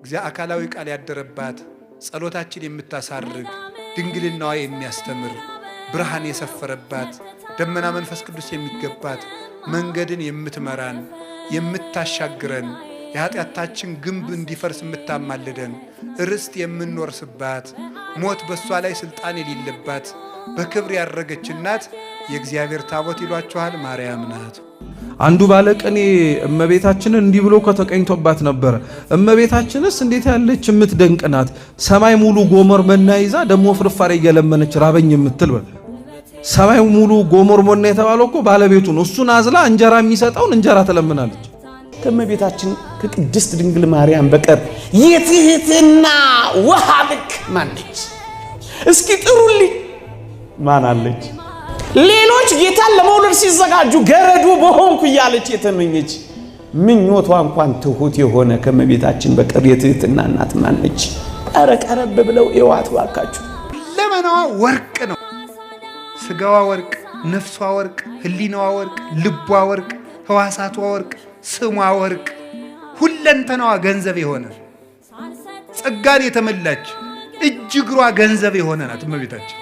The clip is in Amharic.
እግዚአ አካላዊ ቃል ያደረባት ጸሎታችን የምታሳርግ ድንግልናዋ የሚያስተምር ብርሃን የሰፈረባት ደመና መንፈስ ቅዱስ የሚገባት መንገድን የምትመራን የምታሻግረን የኃጢአታችን ግንብ እንዲፈርስ የምታማልደን ርስት የምንወርስባት ሞት በእሷ ላይ ሥልጣን የሌለባት በክብር ያረገች እናት የእግዚአብሔር ታቦት ይሏችኋል፣ ማርያም ናት። አንዱ ባለቅኔ እመቤታችንን እንዲህ ብሎ ከተቀኝቶባት ነበር። እመቤታችንስ እንዴት ያለች የምትደንቅ ናት! ሰማይ ሙሉ ጎመር መና ይዛ ደግሞ ፍርፋሬ እየለመነች ራበኝ የምትል ሰማይ ሙሉ ጎመር መና የተባለው እኮ ባለቤቱን እሱን አዝላ እንጀራ የሚሰጠውን እንጀራ ትለምናለች። ከእመቤታችን ከቅድስት ድንግል ማርያም በቀር የትህትና ውሃ ልክ ማነች? እስኪ ጥሩልኝ ማን አለች? ሌሎች ጌታን ለመውለድ ሲዘጋጁ ገረዱ በሆንኩ እያለች የተመኘች ምኞቷ እንኳን ትሁት የሆነ ከመቤታችን በቀር የትህትና እናት ማነች? ኧረ ቀረብ ብለው ባካችሁ። ለመናዋ ወርቅ ነው። ስጋዋ ወርቅ፣ ነፍሷ ወርቅ፣ ህሊናዋ ወርቅ፣ ልቧ ወርቅ፣ ህዋሳቷ ወርቅ፣ ስሟ ወርቅ፣ ሁለንተናዋ ገንዘብ የሆነ ጸጋን የተመላች እጅግሯ ገንዘብ የሆነ ናት እመቤታችን።